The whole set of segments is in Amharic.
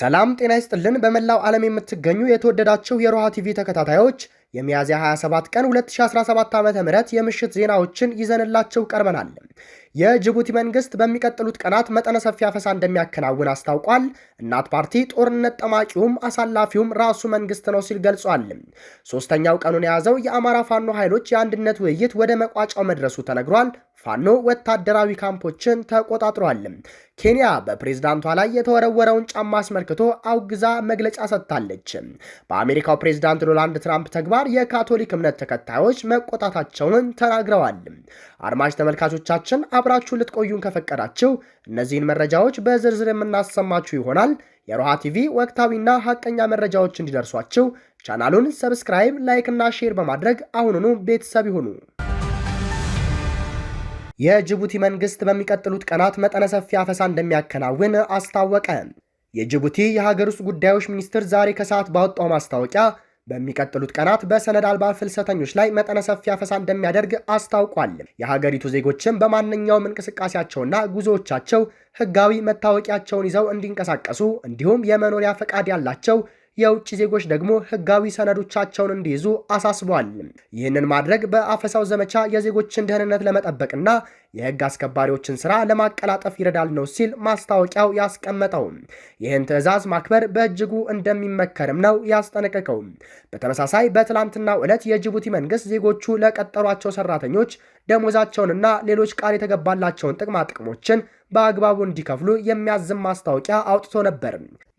ሰላም ጤና ይስጥልን። በመላው ዓለም የምትገኙ የተወደዳችሁ የሮሃ ቲቪ ተከታታዮች የሚያዝያ 27 ቀን 2017 ዓ.ም የምሽት ዜናዎችን ይዘንላችሁ ቀርበናል። የጅቡቲ መንግስት በሚቀጥሉት ቀናት መጠነ ሰፊ አፈሳ እንደሚያከናውን አስታውቋል። እናት ፓርቲ ጦርነት ጠማቂውም አሳላፊውም ራሱ መንግስት ነው ሲል ገልጿል። ሶስተኛው ቀኑን የያዘው የአማራ ፋኖ ኃይሎች የአንድነት ውይይት ወደ መቋጫው መድረሱ ተነግሯል። ፋኖ ወታደራዊ ካምፖችን ተቆጣጥሯል። ኬንያ በፕሬዝዳንቷ ላይ የተወረወረውን ጫማ አስመልክቶ አውግዛ መግለጫ ሰጥታለች። በአሜሪካው ፕሬዝዳንት ዶናልድ ትራምፕ ተግባር የካቶሊክ እምነት ተከታዮች መቆጣታቸውን ተናግረዋል። አድማጭ ተመልካቾቻችን አብራችሁ ልትቆዩን ከፈቀዳችሁ እነዚህን መረጃዎች በዝርዝር የምናሰማችሁ ይሆናል። የሮሃ ቲቪ ወቅታዊና ሀቀኛ መረጃዎች እንዲደርሷችሁ ቻናሉን ሰብስክራይብ፣ ላይክ እና ሼር በማድረግ አሁኑኑ ቤተሰብ ይሁኑ። የጅቡቲ መንግስት በሚቀጥሉት ቀናት መጠነ ሰፊ አፈሳ እንደሚያከናውን አስታወቀ። የጅቡቲ የሀገር ውስጥ ጉዳዮች ሚኒስትር ዛሬ ከሰዓት ባወጣው ማስታወቂያ በሚቀጥሉት ቀናት በሰነድ አልባ ፍልሰተኞች ላይ መጠነ ሰፊ አፈሳ እንደሚያደርግ አስታውቋል። የሀገሪቱ ዜጎችም በማንኛውም እንቅስቃሴያቸውና ጉዞዎቻቸው ህጋዊ መታወቂያቸውን ይዘው እንዲንቀሳቀሱ እንዲሁም የመኖሪያ ፈቃድ ያላቸው የውጭ ዜጎች ደግሞ ህጋዊ ሰነዶቻቸውን እንዲይዙ አሳስቧል። ይህንን ማድረግ በአፈሳው ዘመቻ የዜጎችን ደህንነት ለመጠበቅና የህግ አስከባሪዎችን ስራ ለማቀላጠፍ ይረዳል ነው ሲል ማስታወቂያው ያስቀመጠው። ይህን ትዕዛዝ ማክበር በእጅጉ እንደሚመከርም ነው ያስጠነቀቀው። በተመሳሳይ በትላንትናው ዕለት የጅቡቲ መንግስት ዜጎቹ ለቀጠሯቸው ሰራተኞች ደሞዛቸውንና ሌሎች ቃል የተገባላቸውን ጥቅማ ጥቅሞችን በአግባቡ እንዲከፍሉ የሚያዝም ማስታወቂያ አውጥቶ ነበር።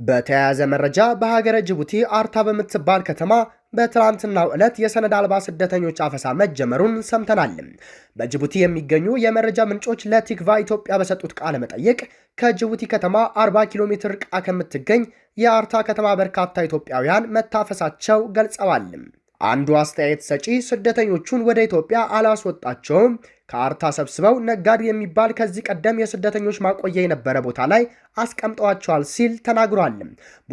በተያያዘ መረጃ በሀገረ ጅቡቲ አርታ በምትባል ከተማ በትናንትናው ዕለት የሰነድ አልባ ስደተኞች አፈሳ መጀመሩን ሰምተናል። በጅቡቲ የሚገኙ የመረጃ ምንጮች ለቲክቫ ኢትዮጵያ በሰጡት ቃለ መጠይቅ ከጅቡቲ ከተማ 40 ኪሎ ሜትር ርቃ ከምትገኝ የአርታ ከተማ በርካታ ኢትዮጵያውያን መታፈሳቸው ገልጸዋል። አንዱ አስተያየት ሰጪ ስደተኞቹን ወደ ኢትዮጵያ አላስወጣቸውም ከአርታ ሰብስበው ነጋድ የሚባል ከዚህ ቀደም የስደተኞች ማቆያ የነበረ ቦታ ላይ አስቀምጠዋቸዋል ሲል ተናግሯል።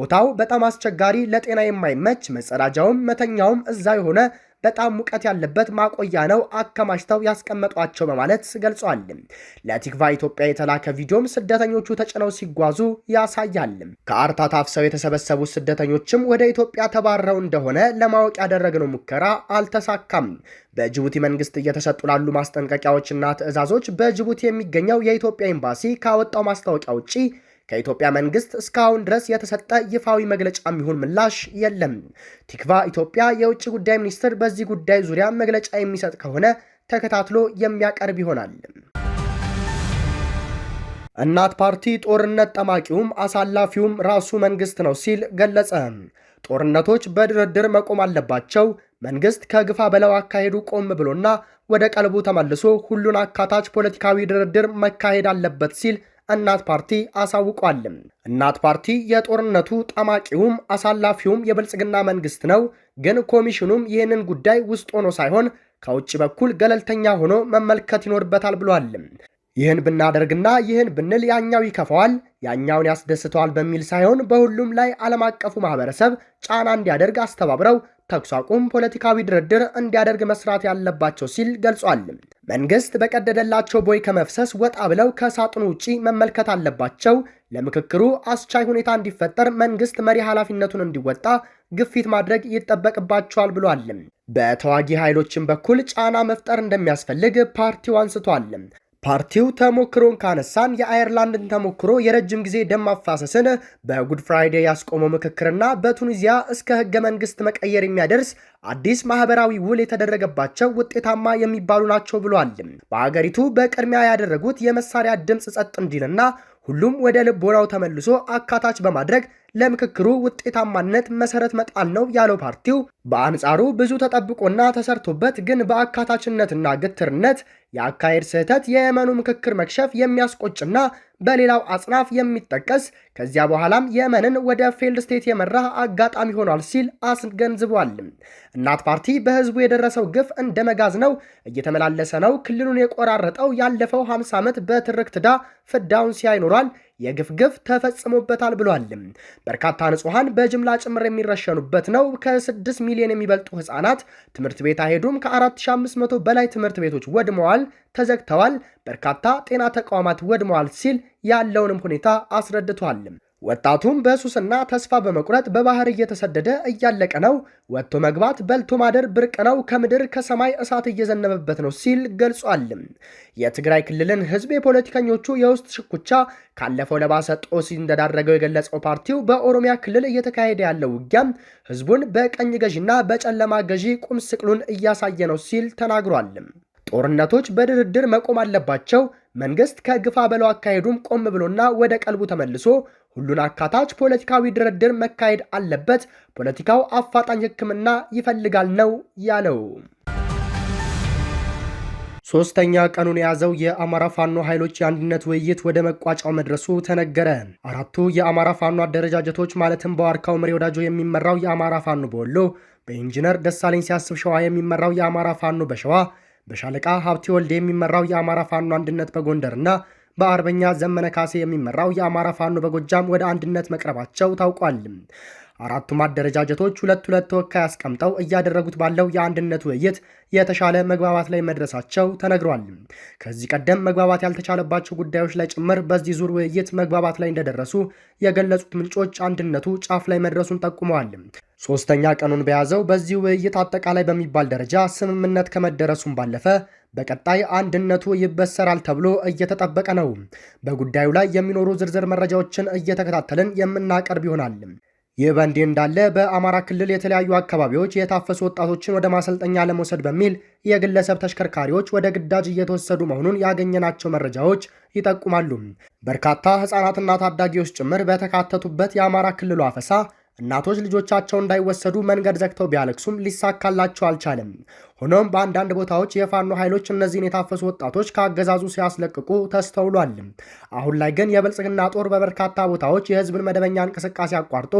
ቦታው በጣም አስቸጋሪ፣ ለጤና የማይመች መጸዳጃውም መተኛውም እዛ የሆነ በጣም ሙቀት ያለበት ማቆያ ነው አከማችተው ያስቀመጧቸው በማለት ገልጿል። ለቲክቫ ኢትዮጵያ የተላከ ቪዲዮም ስደተኞቹ ተጭነው ሲጓዙ ያሳያል። ከአርታ ታፍሰው የተሰበሰቡ ስደተኞችም ወደ ኢትዮጵያ ተባረው እንደሆነ ለማወቅ ያደረግነው ሙከራ አልተሳካም። በጅቡቲ መንግስት እየተሰጡ ላሉ ማስጠንቀቂያዎችና ትዕዛዞች በጅቡቲ የሚገኘው የኢትዮጵያ ኤምባሲ ካወጣው ማስታወቂያ ውጪ ከኢትዮጵያ መንግስት እስካሁን ድረስ የተሰጠ ይፋዊ መግለጫ የሚሆን ምላሽ የለም። ቲክቫ ኢትዮጵያ የውጭ ጉዳይ ሚኒስትር በዚህ ጉዳይ ዙሪያ መግለጫ የሚሰጥ ከሆነ ተከታትሎ የሚያቀርብ ይሆናል። እናት ፓርቲ ጦርነት ጠማቂውም አሳላፊውም ራሱ መንግስት ነው ሲል ገለጸ። ጦርነቶች በድርድር መቆም አለባቸው። መንግስት ከግፋ በለው አካሄዱ ቆም ብሎና ወደ ቀልቡ ተመልሶ ሁሉን አካታች ፖለቲካዊ ድርድር መካሄድ አለበት ሲል እናት ፓርቲ አሳውቋል። እናት ፓርቲ የጦርነቱ ጠማቂውም አሳላፊውም የብልጽግና መንግስት ነው፣ ግን ኮሚሽኑም ይህንን ጉዳይ ውስጥ ሆኖ ሳይሆን ከውጭ በኩል ገለልተኛ ሆኖ መመልከት ይኖርበታል ብሏል። ይህን ብናደርግና ይህን ብንል ያኛው ይከፋዋል፣ ያኛውን ያስደስተዋል በሚል ሳይሆን በሁሉም ላይ ዓለም አቀፉ ማህበረሰብ ጫና እንዲያደርግ አስተባብረው ተኩስ አቁም ፖለቲካዊ ድርድር እንዲያደርግ መስራት ያለባቸው ሲል ገልጿል። መንግስት በቀደደላቸው ቦይ ከመፍሰስ ወጣ ብለው ከሳጥኑ ውጪ መመልከት አለባቸው። ለምክክሩ አስቻይ ሁኔታ እንዲፈጠር መንግስት መሪ ኃላፊነቱን እንዲወጣ ግፊት ማድረግ ይጠበቅባቸዋል ብሏል። በተዋጊ ኃይሎችም በኩል ጫና መፍጠር እንደሚያስፈልግ ፓርቲው አንስቷል። ፓርቲው ተሞክሮን ካነሳን የአየርላንድን ተሞክሮ የረጅም ጊዜ ደም ማፋሰስን በጉድ ፍራይዴ ያስቆመው ምክክርና በቱኒዚያ እስከ ህገ መንግስት መቀየር የሚያደርስ አዲስ ማህበራዊ ውል የተደረገባቸው ውጤታማ የሚባሉ ናቸው ብሏል። በአገሪቱ በቅድሚያ ያደረጉት የመሳሪያ ድምፅ ጸጥ እንዲልና ሁሉም ወደ ልቦናው ተመልሶ አካታች በማድረግ ለምክክሩ ውጤታማነት መሰረት መጣል ነው ያለው ፓርቲው፣ በአንጻሩ ብዙ ተጠብቆና ተሰርቶበት ግን በአካታችነትና ግትርነት የአካሄድ ስህተት የየመኑ ምክክር መክሸፍ የሚያስቆጭና በሌላው አጽናፍ የሚጠቀስ ከዚያ በኋላም የመንን ወደ ፌልድ ስቴት የመራ አጋጣሚ ሆኗል ሲል አስገንዝቧል። እናት ፓርቲ በህዝቡ የደረሰው ግፍ እንደ መጋዝ ነው፣ እየተመላለሰ ነው። ክልሉን የቆራረጠው ያለፈው 50 ዓመት በትርክት ዕዳ ፍዳውን ሲያይ የግፍ ግፍ ተፈጽሞበታል ብሏል። በርካታ ንጹሐን በጅምላ ጭምር የሚረሸኑበት ነው። ከ6 ሚሊዮን የሚበልጡ ህጻናት ትምህርት ቤት አይሄዱም። ከ4500 በላይ ትምህርት ቤቶች ወድመዋል። ተዘግተዋል፣ በርካታ ጤና ተቋማት ወድመዋል ሲል ያለውንም ሁኔታ አስረድቷል። ወጣቱም በሱስና ተስፋ በመቁረጥ በባህር እየተሰደደ እያለቀ ነው። ወጥቶ መግባት፣ በልቶ ማደር ብርቅ ነው። ከምድር ከሰማይ እሳት እየዘነበበት ነው ሲል ገልጿል። የትግራይ ክልልን ሕዝብ የፖለቲከኞቹ የውስጥ ሽኩቻ ካለፈው ለባሰ ጦስ እንደዳረገው የገለጸው ፓርቲው በኦሮሚያ ክልል እየተካሄደ ያለው ውጊያም ሕዝቡን በቀኝ ገዢና በጨለማ ገዢ ቁም ስቅሉን እያሳየ ነው ሲል ተናግሯል። ጦርነቶች በድርድር መቆም አለባቸው። መንግስት ከግፋ በለው አካሄዱም ቆም ብሎና ወደ ቀልቡ ተመልሶ ሁሉን አካታች ፖለቲካዊ ድርድር መካሄድ አለበት። ፖለቲካው አፋጣኝ ሕክምና ይፈልጋል ነው ያለው። ሶስተኛ ቀኑን የያዘው የአማራ ፋኖ ኃይሎች የአንድነት ውይይት ወደ መቋጫው መድረሱ ተነገረ። አራቱ የአማራ ፋኖ አደረጃጀቶች ማለትም በዋርካው መሪ ወዳጆ የሚመራው የአማራ ፋኖ በወሎ፣ በኢንጂነር ደሳለኝ ሲያስብ ሸዋ የሚመራው የአማራ ፋኖ በሸዋ በሻለቃ ሀብቲ ወልዴ የሚመራው የአማራ ፋኖ አንድነት በጎንደርና በአርበኛ ዘመነ ካሴ የሚመራው የአማራ ፋኖ በጎጃም ወደ አንድነት መቅረባቸው ታውቋል። አራቱም አደረጃጀቶች ሁለት ሁለት ተወካይ አስቀምጠው እያደረጉት ባለው የአንድነት ውይይት የተሻለ መግባባት ላይ መድረሳቸው ተነግሯል። ከዚህ ቀደም መግባባት ያልተቻለባቸው ጉዳዮች ላይ ጭምር በዚህ ዙር ውይይት መግባባት ላይ እንደደረሱ የገለጹት ምንጮች አንድነቱ ጫፍ ላይ መድረሱን ጠቁመዋል። ሶስተኛ ቀኑን በያዘው በዚህ ውይይት አጠቃላይ በሚባል ደረጃ ስምምነት ከመደረሱም ባለፈ በቀጣይ አንድነቱ ይበሰራል ተብሎ እየተጠበቀ ነው። በጉዳዩ ላይ የሚኖሩ ዝርዝር መረጃዎችን እየተከታተልን የምናቀርብ ይሆናል። ይህ በእንዲህ እንዳለ በአማራ ክልል የተለያዩ አካባቢዎች የታፈሱ ወጣቶችን ወደ ማሰልጠኛ ለመውሰድ በሚል የግለሰብ ተሽከርካሪዎች ወደ ግዳጅ እየተወሰዱ መሆኑን ያገኘናቸው መረጃዎች ይጠቁማሉ። በርካታ ሕፃናትና ታዳጊዎች ጭምር በተካተቱበት የአማራ ክልሉ አፈሳ እናቶች ልጆቻቸው እንዳይወሰዱ መንገድ ዘግተው ቢያለቅሱም ሊሳካላቸው አልቻለም። ሆኖም በአንዳንድ ቦታዎች የፋኖ ኃይሎች እነዚህን የታፈሱ ወጣቶች ከአገዛዙ ሲያስለቅቁ ተስተውሏል። አሁን ላይ ግን የብልጽግና ጦር በበርካታ ቦታዎች የህዝብን መደበኛ እንቅስቃሴ አቋርጦ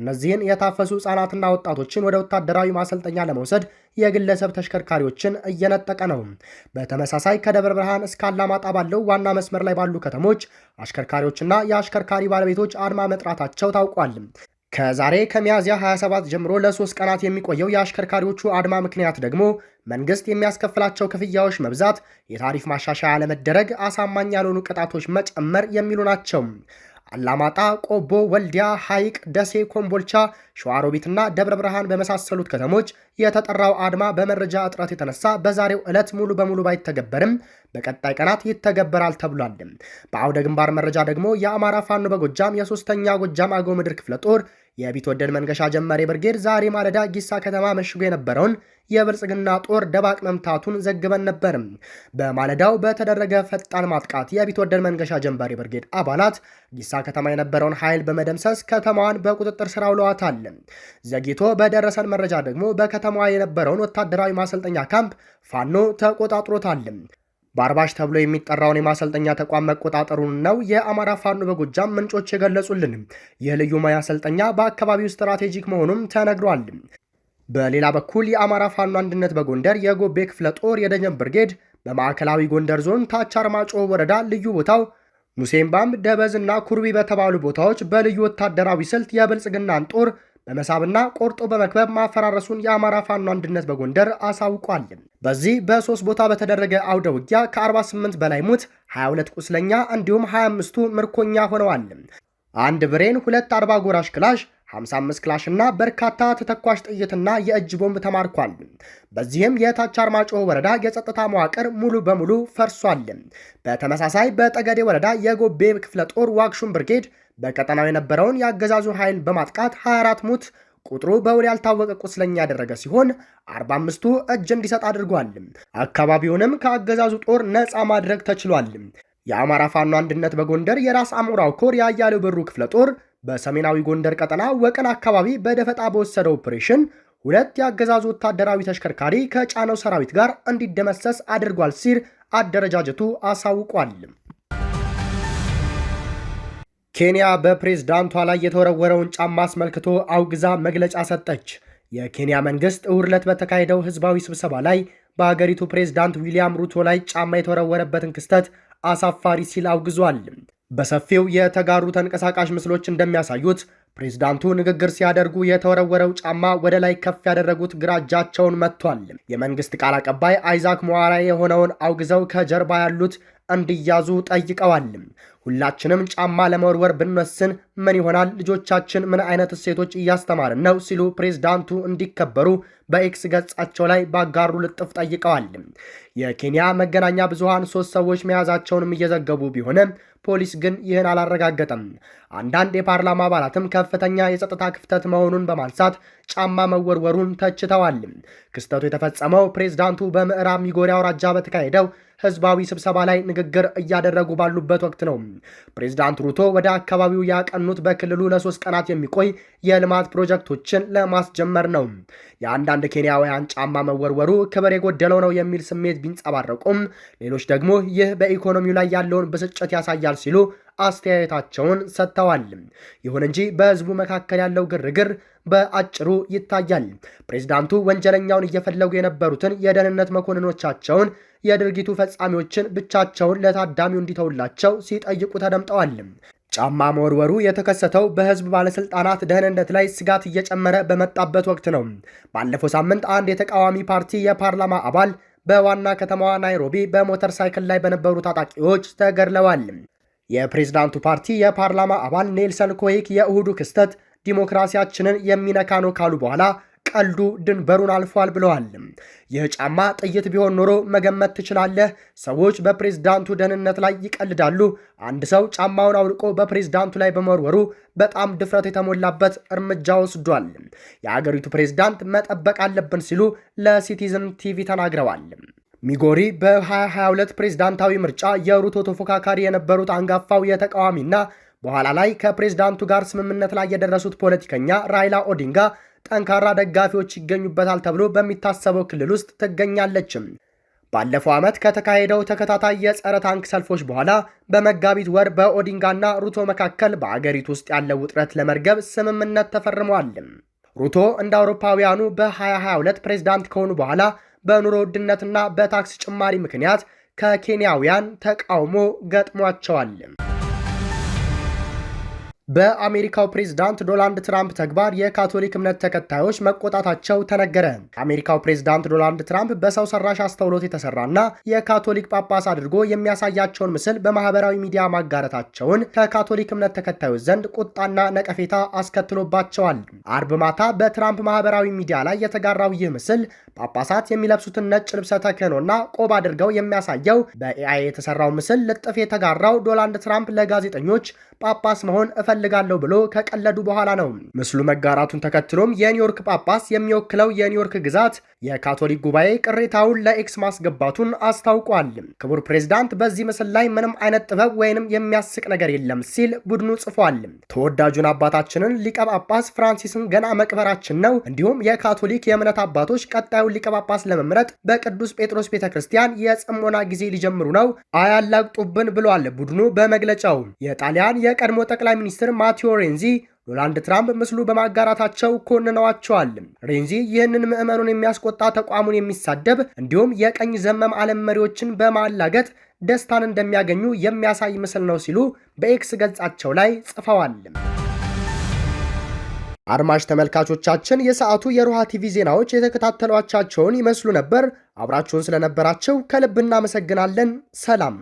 እነዚህን የታፈሱ ህጻናትና ወጣቶችን ወደ ወታደራዊ ማሰልጠኛ ለመውሰድ የግለሰብ ተሽከርካሪዎችን እየነጠቀ ነው። በተመሳሳይ ከደብረ ብርሃን እስከ አላማጣ ባለው ዋና መስመር ላይ ባሉ ከተሞች አሽከርካሪዎችና የአሽከርካሪ ባለቤቶች አድማ መጥራታቸው ታውቋል። ከዛሬ ከሚያዝያ 27 ጀምሮ ለሶስት ቀናት የሚቆየው የአሽከርካሪዎቹ አድማ ምክንያት ደግሞ መንግስት የሚያስከፍላቸው ክፍያዎች መብዛት፣ የታሪፍ ማሻሻያ አለመደረግ፣ አሳማኝ ያልሆኑ ቅጣቶች መጨመር የሚሉ ናቸው። አላማጣ፣ ቆቦ፣ ወልዲያ፣ ሐይቅ፣ ደሴ፣ ኮምቦልቻ፣ ሸዋሮቢትና ደብረ ብርሃን በመሳሰሉት ከተሞች የተጠራው አድማ በመረጃ እጥረት የተነሳ በዛሬው ዕለት ሙሉ በሙሉ ባይተገበርም በቀጣይ ቀናት ይተገበራል ተብሏል። በአውደ ግንባር መረጃ ደግሞ የአማራ ፋኖ በጎጃም የሶስተኛ ጎጃም አገው ምድር ክፍለ ጦር የቢትወደድ መንገሻ ጀመሬ ብርጌድ ዛሬ ማለዳ ጊሳ ከተማ መሽጎ የነበረውን የብልጽግና ጦር ደባቅ መምታቱን ዘግበን ነበር። በማለዳው በተደረገ ፈጣን ማጥቃት የቢትወደድ መንገሻ ጀመሬ ብርጌድ አባላት ጊሳ ከተማ የነበረውን ኃይል በመደምሰስ ከተማዋን በቁጥጥር ስር አውለዋታል። ዘግይቶ በደረሰን መረጃ ደግሞ በከተማዋ የነበረውን ወታደራዊ ማሰልጠኛ ካምፕ ፋኖ ተቆጣጥሮታል። በአርባሽ ተብሎ የሚጠራውን የማሰልጠኛ ተቋም መቆጣጠሩን ነው የአማራ ፋኖ በጎጃም ምንጮች የገለጹልንም። ይህ ልዩ ማሰልጠኛ በአካባቢው ስትራቴጂክ መሆኑም ተነግሯል። በሌላ በኩል የአማራ ፋኖ አንድነት በጎንደር የጎቤ ክፍለ ጦር የደጀን ብርጌድ በማዕከላዊ ጎንደር ዞን ታች አርማጮ ወረዳ ልዩ ቦታው ሙሴምባም፣ ደበዝና ኩርቢ በተባሉ ቦታዎች በልዩ ወታደራዊ ስልት የብልጽግናን ጦር በመሳብና ቆርጦ በመክበብ ማፈራረሱን የአማራ ፋኖ አንድነት በጎንደር አሳውቋል። በዚህ በሶስት ቦታ በተደረገ አውደ ውጊያ ከ48 በላይ ሙት፣ 22 ቁስለኛ እንዲሁም 25ቱ ምርኮኛ ሆነዋል። አንድ ብሬን፣ ሁለት አርባ ጎራሽ ክላሽ 55 ክላሽ እና በርካታ ተተኳሽ ጥይትና የእጅ ቦምብ ተማርኳል። በዚህም የታች አርማጭሆ ወረዳ የጸጥታ መዋቅር ሙሉ በሙሉ ፈርሷል። በተመሳሳይ በጠገዴ ወረዳ የጎቤ ክፍለ ጦር ዋግሹም ብርጌድ በቀጠናው የነበረውን የአገዛዙ ኃይል በማጥቃት 24 ሙት ቁጥሩ በውል ያልታወቀ ቁስለኛ ያደረገ ሲሆን 45ቱ እጅ እንዲሰጥ አድርጓል። አካባቢውንም ከአገዛዙ ጦር ነፃ ማድረግ ተችሏል። የአማራ ፋኖ አንድነት በጎንደር የራስ አሞራው ኮር የአያሌው ብሩ ክፍለ ጦር በሰሜናዊ ጎንደር ቀጠና ወቀን አካባቢ በደፈጣ በወሰደው ኦፕሬሽን ሁለት የአገዛዙ ወታደራዊ ተሽከርካሪ ከጫነው ሰራዊት ጋር እንዲደመሰስ አድርጓል ሲል አደረጃጀቱ አሳውቋል። ኬንያ በፕሬዝዳንቷ ላይ የተወረወረውን ጫማ አስመልክቶ አውግዛ መግለጫ ሰጠች። የኬንያ መንግስት እሁድ ዕለት በተካሄደው ህዝባዊ ስብሰባ ላይ በሀገሪቱ ፕሬዝዳንት ዊሊያም ሩቶ ላይ ጫማ የተወረወረበትን ክስተት አሳፋሪ ሲል አውግዟል። በሰፊው የተጋሩ ተንቀሳቃሽ ምስሎች እንደሚያሳዩት ፕሬዝዳንቱ ንግግር ሲያደርጉ የተወረወረው ጫማ ወደ ላይ ከፍ ያደረጉት ግራ እጃቸውን መጥቷል። የመንግስት ቃል አቀባይ አይዛክ መዋራ የሆነውን አውግዘው ከጀርባ ያሉት እንዲያዙ ጠይቀዋል። ሁላችንም ጫማ ለመወርወር ብንወስን ምን ይሆናል? ልጆቻችን ምን አይነት እሴቶች እያስተማርን ነው? ሲሉ ፕሬዝዳንቱ እንዲከበሩ በኤክስ ገጻቸው ላይ ባጋሩ ልጥፍ ጠይቀዋል። የኬንያ መገናኛ ብዙሃን ሶስት ሰዎች መያዛቸውንም እየዘገቡ ቢሆንም ፖሊስ ግን ይህን አላረጋገጠም። አንዳንድ የፓርላማ አባላትም ከፍተኛ የጸጥታ ክፍተት መሆኑን በማንሳት ጫማ መወርወሩን ተችተዋል። ክስተቱ የተፈጸመው ፕሬዝዳንቱ በምዕራብ ሚጎሪ አውራጃ በተካሄደው ህዝባዊ ስብሰባ ላይ ንግግር እያደረጉ ባሉበት ወቅት ነው። ፕሬዚዳንት ሩቶ ወደ አካባቢው ያቀኑት በክልሉ ለሶስት ቀናት የሚቆይ የልማት ፕሮጀክቶችን ለማስጀመር ነው። የአንዳንድ ኬንያውያን ጫማ መወርወሩ ክብር የጎደለው ነው የሚል ስሜት ቢንጸባረቁም፣ ሌሎች ደግሞ ይህ በኢኮኖሚው ላይ ያለውን ብስጭት ያሳያል ሲሉ አስተያየታቸውን ሰጥተዋል። ይሁን እንጂ በህዝቡ መካከል ያለው ግርግር በአጭሩ ይታያል። ፕሬዝዳንቱ ወንጀለኛውን እየፈለጉ የነበሩትን የደህንነት መኮንኖቻቸውን የድርጊቱ ፈጻሚዎችን ብቻቸውን ለታዳሚው እንዲተውላቸው ሲጠይቁ ተደምጠዋል። ጫማ መወርወሩ የተከሰተው በህዝብ ባለስልጣናት ደህንነት ላይ ስጋት እየጨመረ በመጣበት ወቅት ነው። ባለፈው ሳምንት አንድ የተቃዋሚ ፓርቲ የፓርላማ አባል በዋና ከተማዋ ናይሮቢ በሞተር ሳይክል ላይ በነበሩ ታጣቂዎች ተገድለዋል። የፕሬዝዳንቱ ፓርቲ የፓርላማ አባል ኔልሰን ኮሄክ የእሁዱ ክስተት ዲሞክራሲያችንን የሚነካ ነው ካሉ በኋላ ቀልዱ ድንበሩን አልፏል ብለዋል። ይህ ጫማ ጥይት ቢሆን ኖሮ መገመት ትችላለህ። ሰዎች በፕሬዝዳንቱ ደህንነት ላይ ይቀልዳሉ። አንድ ሰው ጫማውን አውልቆ በፕሬዝዳንቱ ላይ በመወርወሩ በጣም ድፍረት የተሞላበት እርምጃ ወስዷል። የአገሪቱ ፕሬዝዳንት መጠበቅ አለብን ሲሉ ለሲቲዝን ቲቪ ተናግረዋል። ሚጎሪ በ2022 ፕሬዝዳንታዊ ምርጫ የሩቶ ተፎካካሪ የነበሩት አንጋፋው የተቃዋሚና በኋላ ላይ ከፕሬዝዳንቱ ጋር ስምምነት ላይ የደረሱት ፖለቲከኛ ራይላ ኦዲንጋ ጠንካራ ደጋፊዎች ይገኙበታል ተብሎ በሚታሰበው ክልል ውስጥ ትገኛለችም። ባለፈው ዓመት ከተካሄደው ተከታታይ የጸረ ታንክ ሰልፎች በኋላ በመጋቢት ወር በኦዲንጋና ሩቶ መካከል በአገሪቱ ውስጥ ያለው ውጥረት ለመርገብ ስምምነት ተፈርመዋል። ሩቶ እንደ አውሮፓውያኑ በ2022 ፕሬዝዳንት ከሆኑ በኋላ በኑሮ ውድነትና በታክስ ጭማሪ ምክንያት ከኬንያውያን ተቃውሞ ገጥሟቸዋል። በአሜሪካው ፕሬዝዳንት ዶናልድ ትራምፕ ተግባር የካቶሊክ እምነት ተከታዮች መቆጣታቸው ተነገረ። አሜሪካው ፕሬዝዳንት ዶናልድ ትራምፕ በሰው ሰራሽ አስተውሎት የተሰራና የካቶሊክ ጳጳስ አድርጎ የሚያሳያቸውን ምስል በማህበራዊ ሚዲያ ማጋረታቸውን ከካቶሊክ እምነት ተከታዮች ዘንድ ቁጣና ነቀፌታ አስከትሎባቸዋል። አርብ ማታ በትራምፕ ማህበራዊ ሚዲያ ላይ የተጋራው ይህ ምስል ጳጳሳት የሚለብሱትን ነጭ ልብሰ ተክህኖና ቆብ አድርገው የሚያሳየው በኤአይ የተሰራው ምስል ልጥፍ የተጋራው ዶናልድ ትራምፕ ለጋዜጠኞች ጳጳስ መሆን እፈልጋለሁ ብሎ ከቀለዱ በኋላ ነው። ምስሉ መጋራቱን ተከትሎም የኒውዮርክ ጳጳስ የሚወክለው የኒውዮርክ ግዛት የካቶሊክ ጉባኤ ቅሬታውን ለኤክስ ማስገባቱን አስታውቋል። ክቡር ፕሬዝዳንት በዚህ ምስል ላይ ምንም አይነት ጥበብ ወይንም የሚያስቅ ነገር የለም ሲል ቡድኑ ጽፏል። ተወዳጁን አባታችንን ሊቀ ጳጳስ ፍራንሲስን ገና መቅበራችን ነው። እንዲሁም የካቶሊክ የእምነት አባቶች ቀጣዩን ሊቀ ጳጳስ ለመምረጥ በቅዱስ ጴጥሮስ ቤተ ክርስቲያን የጽሞና ጊዜ ሊጀምሩ ነው፣ አያላግጡብን ብሏል ቡድኑ በመግለጫው የጣሊያን የቀድሞ ጠቅላይ ሚኒስትር ማቴዎ ሬንዚ ዶናልድ ትራምፕ ምስሉ በማጋራታቸው ኮንነዋቸዋል። ሬንዚ ይህንን ምዕመኑን የሚያስቆጣ ተቋሙን የሚሳደብ እንዲሁም የቀኝ ዘመም ዓለም መሪዎችን በማላገጥ ደስታን እንደሚያገኙ የሚያሳይ ምስል ነው ሲሉ በኤክስ ገጻቸው ላይ ጽፈዋል። አድማጭ ተመልካቾቻችን የሰዓቱ የሮሃ ቲቪ ዜናዎች የተከታተሏቻቸውን ይመስሉ ነበር። አብራችሁን ስለነበራቸው ከልብ እናመሰግናለን። ሰላም